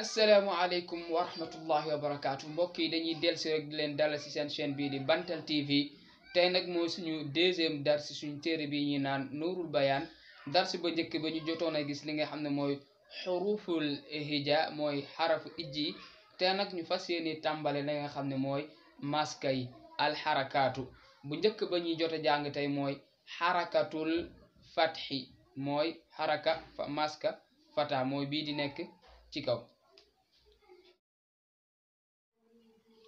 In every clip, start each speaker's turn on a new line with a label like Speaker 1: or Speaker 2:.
Speaker 1: asalaamaaleykum wa rahmatullahi wa barakaatu mbokk yi dañuy dellusi rek leen dalal si seen chaîne bii di Bantal TV tey nag mooy suñu deuxième dar si suñu téere bi ñuy naan Nuurul Bayaan dar ba njëkk ba ñu jotoon a gis li nga xam ne mooy xuruful mooy xarafu ijji nag ñu fas yéene tàmbale li nga xam ne mooy maska yi alxarakaatu bu njëkk ba ñuy jot a jàng tey mooy xarakatul fatxi mooy xaraka maska fata mooy bii di nekk ci kaw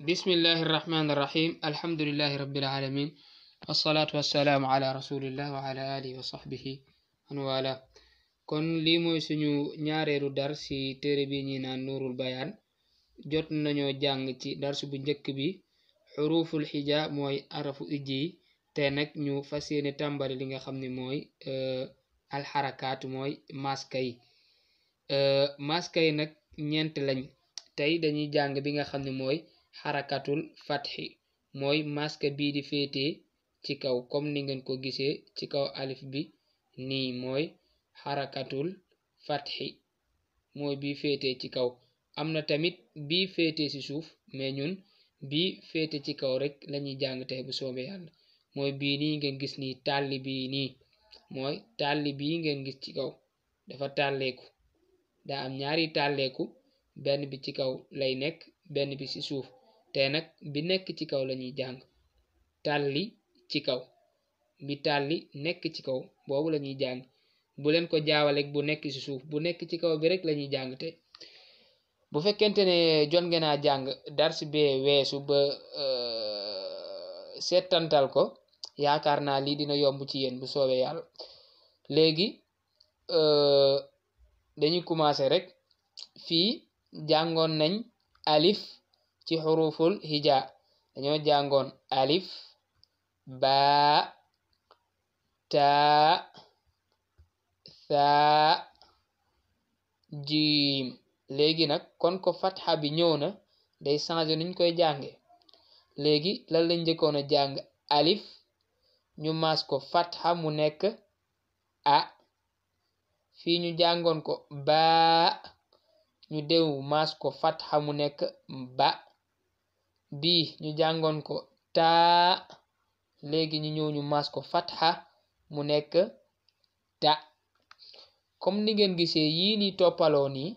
Speaker 1: bismillahi irrahmani irrahim alhamdulilahi rabilalamin wassalaatu wassalaamu ala wa ala kon lii mooy suñu ñaareelu dar si téere bi ñi naan nurul bayaan jot nañu jàng ci darsu bu njëkk bi xuruful xija mooy arafu ijji yi te nag ñu fas yéene tàmbali li nga xam ni mooy euh, alxarakaat mooy maska yi euh, maska nag ñeent lañ tey dañuy jàng bi nga xam ni mooy xarakatul fatxi mooy maska bii di féete ci kaw kom ni ngeen ko gisee ci kaw alif bi nii mooy xarakatul fatxi mooy bi féete ci kaw am na tamit bii féete ci suuf mais ñun bii féete ci kaw rekk lañuy jàng tey bu soobee yàlla mooy bii nii ngeen gis nii tàlli bii nii mooy tàlli bii ngeen gis ci kaw dafa tàlleeku daa am ñaari tàlleeku benn bi ci kaw lay nekk benn bi ci suuf te nag bi nekk ci kaw lañuy jàng tàlli ci kaw bi tàlli nekk ci kaw boobu lañuy jàng bu leen ko jaawaleeg bu nekk ci suuf bu nekk ci kaw bi rek lañuy jàng te bu fekkente ne jot ngeen a jàng dars bee weesu ba euh, seetantal ko yaakaar naa lii dina yomb ci yéen bu soowee yàlla léegi euh, dañuy commencer rek fii jàngoon nañ alif ci xuruful hija dañoo jàngoon alif baa taa jiim léegi nag kon ko fatxa bi ñëw na day changé nuñ koy jànge léegi lan lañ njëkkoon a jàng alif ñu maas ko fatxa mu nekk a fii ñu jàngoon ko baa ñu déw maas ko fatxa mu nekk ba bii ñu jàngoon ko taa léegi ñu ñëw ñu maas ko fatxa mu nekk ta comme ni ngeen gisee yii ni toppaloo nii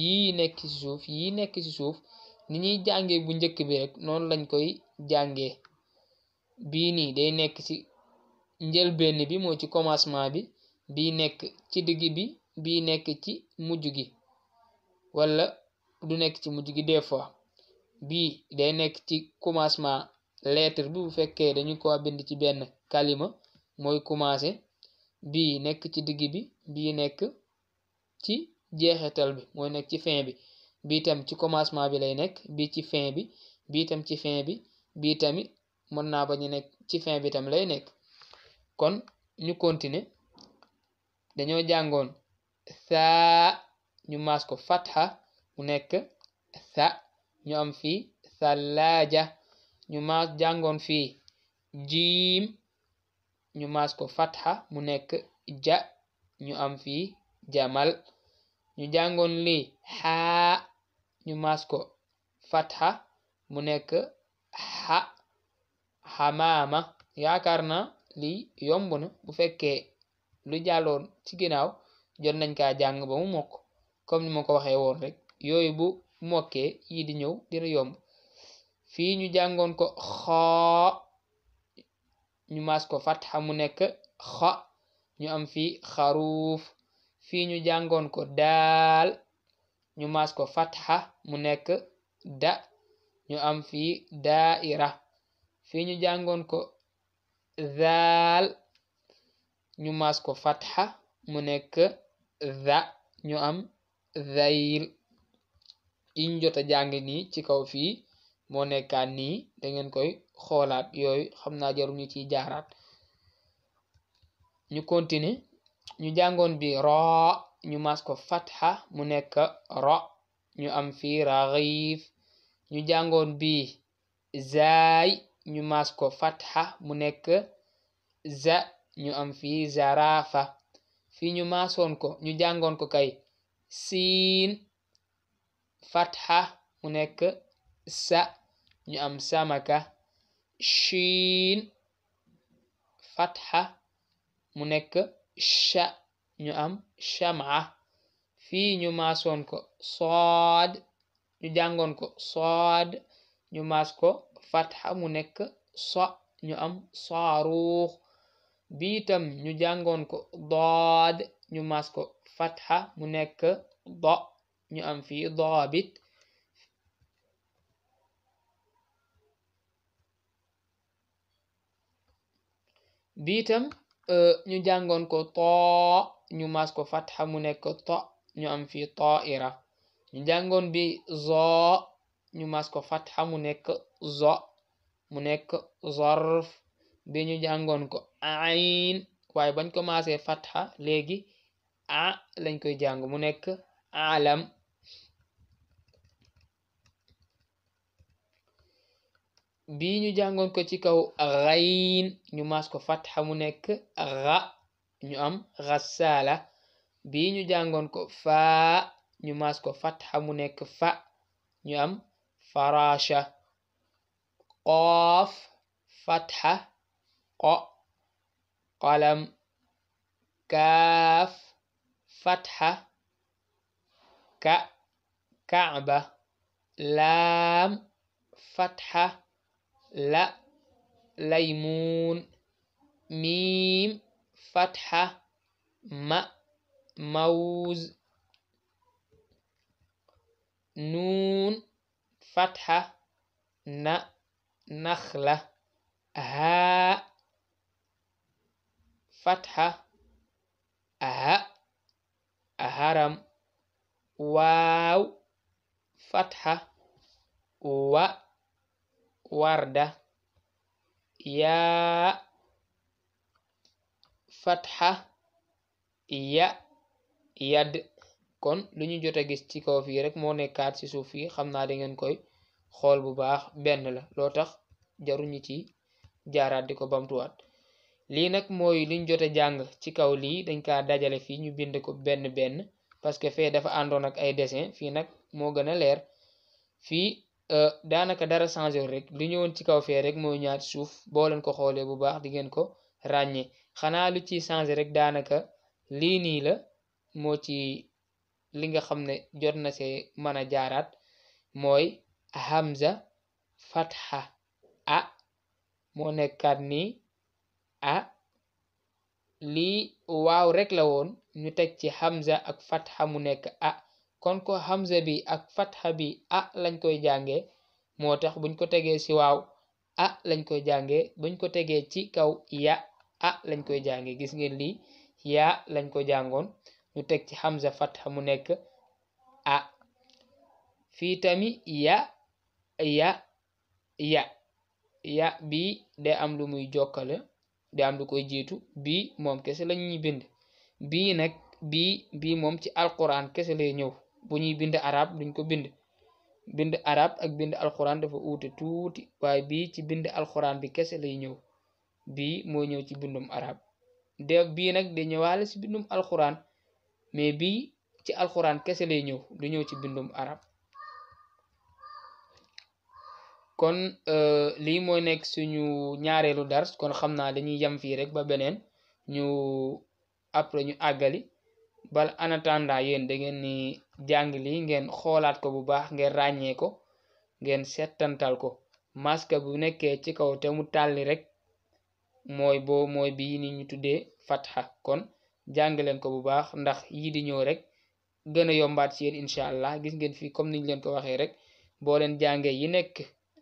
Speaker 1: yii nekk ci suuf yii nekk ci suuf ni ñuy jàngee bu njëkk bi rek noonu lañ koy jànge bii nii day nekk ci njëlbenn bi moo ci commencement bi bii nekk ci digg bi bii nekk ci mujj gi walla du nekk ci mujj gi des fois bii day nekk ci commencement leetre bi bu fekkee dañu ko bind ci benn kalima mooy commencé bii nekk ci digg bi bii nekk ci jeexetal bi mooy nekk ci fin bi bii tam ci commencement bi lay nekk bii ci fin bi bii tam ci fin bi bii tamit mën naa bañ ñu nekk ci fin bi tam lay nekk kon ñu continuer dañoo jàngoon saa ñu maas ko fatha mu nekk sa ñu am fii thalaja ñu maas jàngoon fii jiim ñu maas ko fatha mu nekk ja ñu am fi jamal ñu jàngoon lii xaa ñu maas ko fatha mu nekk xa xamaama yaakaar na lii yomb na bu fekkee lu jàlloon ci ginnaaw jot nañ ka jàng ba mu mokk comme ni ma ko waxee yooyu bu mokkee yii di ñëw dina yomb fii ñu jàngoon ko xaa ñu maas ko fatxa mu nekk xa ñu am fi xaruuf fii ñu jàngoon ko daal ñu maas ko fatxa mu nekk da ñu am fi daaira fi ñu jàngoon ko zaal ñu mas ko fatxa mu nekk za ñu am zayil yiñ jot a jàng nii ci kaw fii moo nekkaat nii dangeen koy xoolaat yooyu xam naa jaru ñu ciy jaaraat ñu continuer ñu jàngoon bi raa ñu mas ko fatxa mu nekk ra ñu am fii raxiif ñu jàngoon bi zaay ñu mas ko fatxa mu nekk za ñu am fi zarafa fii ñu masoon ko ñu jàngoon ko kay siin fatxa mu nekk sa ñu am samaka shiin fatxa mu nekk sha ñu am shamaa fii ñu maasoon ko sood ñu jàngoon ko sood ñu maas ko fatha mu nekk so ñu am saaruux biitam ñu jàngoon ko dood ñu maas ko fatha mu nekk do ñu am fii daabit bi itam euh, ñu jàngoon ko too ñu maas ko fatxa mu nekk to ñu am fii taaira ñu jàngoon bi zoo ñu maas ko fatxa mu nekk zo mu nekk zorf bi ñu jàngoon ko ayn waaye bañ ko maasee fatxa léegi a lañ koy jàng mu nekk alam bii ñu jàngoon ko ci kaw rayin ñu maas ko fatxa mu nekk ra ñu am xasaala bii ñu jàngoon ko faa ñu maas ko fatxa mu nekk fa ñu am farasha qoof fatxa qo qalam kaaf fatxa ka kaaba laam fatxa la laymuun miim fatxa ma mawz nuun fatxa na naxla haa fatxa ha haram waaw fatxa wa warda yaa fatha ya yadd kon lu jot a gis ci kaw fii rek moo nekkaat ci suuf fii xam naa dangeen koy xool bu baax benn la loo tax jaruñu ci jaaraat di ko bamtuwaat lii nag mooy luñ jota jàng ci kaw lii dañ kaa dajale fii ñu bind ko benn benn parce que fee dafa àndoon ak ay dessin fii nag moo gën a leer fii Euh, daanaka dara changé rek li ñëwoon ci kaw fee rek mooy ñaar suuf boo leen ko xoolee bu baax di ko ràññee xanaa lu ci changé rek daanaka lii nii la moo ci li nga xam ne jot na see mën a jaaraat mooy hamza fatha a moo nekkaat nii a lii waaw rek la woon ñu teg ci hamza ak fatha mu nekk a kon ko hamza bi ak fatha bi a lañ koy jànge moo tax buñ ko tegee ci waaw a lañ koy jànge buñ ko tegee ci kaw ya a lañ koy jànge gis ngeen lii ya lañ ko jàngoon ñu teg ci hamza fatha mu nekk a fii tamit ya ya ya ya bi day am lu muy jokkale day am lu koy jiitu bi moom kese lañuy bind bii nag bi bii moom ci alquran kese lay ñëw bu ñuy bind arab duñ ko bind bind arab ak bind alxuraan dafa uute tuuti waaye bii ci bind alxuraan bi kese lay ñëw bii moo ñëw ci bindum arab de bii nag da ñëwaale si bindum alxuraan mais bii ci alxuraan kese lay ñëw du ñëw ci bindum arab kon euh, lii mooy nekk suñu ñaareelu dar kon xam naa dañuy yem fii rek ba beneen ñu après ñu àggali bala en attendant yéen da jàng lii ngeen xoolaat ko bu baax ngeen ràññee ko ngeen settantal ko masque bu nekkee ci kaw te mu tàlli rek mooy boo mooy bii ni ñu tuddee fatxa kon jàng leen ko bu baax ndax yii di ñëw rek gën a yombaat ci yéen incha allah gis ngeen fii comme niñ leen ko waxee rek boo leen jàngee yi nekk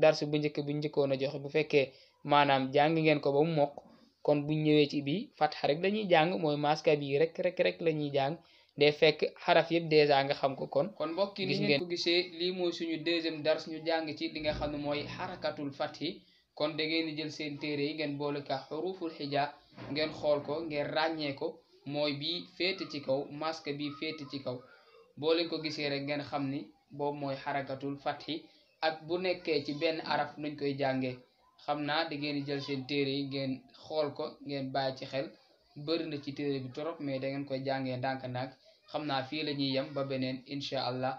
Speaker 1: darsu bu njëkk bu njëkkoon a joxe bu fekkee maanaam jàng ngeen ko ba mu mokk kon bu ñëwee ci bii fatxa rek lañuy jàng mooy masque bii rek rek rek lañuy jàng day fekk xaraf yëpp dèjà nga xam ko kon kon mbokk yi ni ngeen ko gisee lii mooy suñu deuxième dars ñu jàng ci li nga xam ne mooy xarakatul fathi kon da ngeen di jël seen téere yi ngeen boole ka xuruful xija ngeen xool ko ngeen ràññee ko mooy bii féete ci kaw masque bii féete ci kaw boo leen ko gisee rek ngeen xam ni boobu mooy xarakatul fathi ak bu nekkee ci benn araf nuñ koy jàngee xam naa da ngeen di jël seen téere yi ngeen xool ko ngeen bàyyi ci xel bëri na ci téere bi torop mais dangeen ngeen koy jàngee ndànk-ndànk xam naa fii la ñuy yem ba beneen incha allah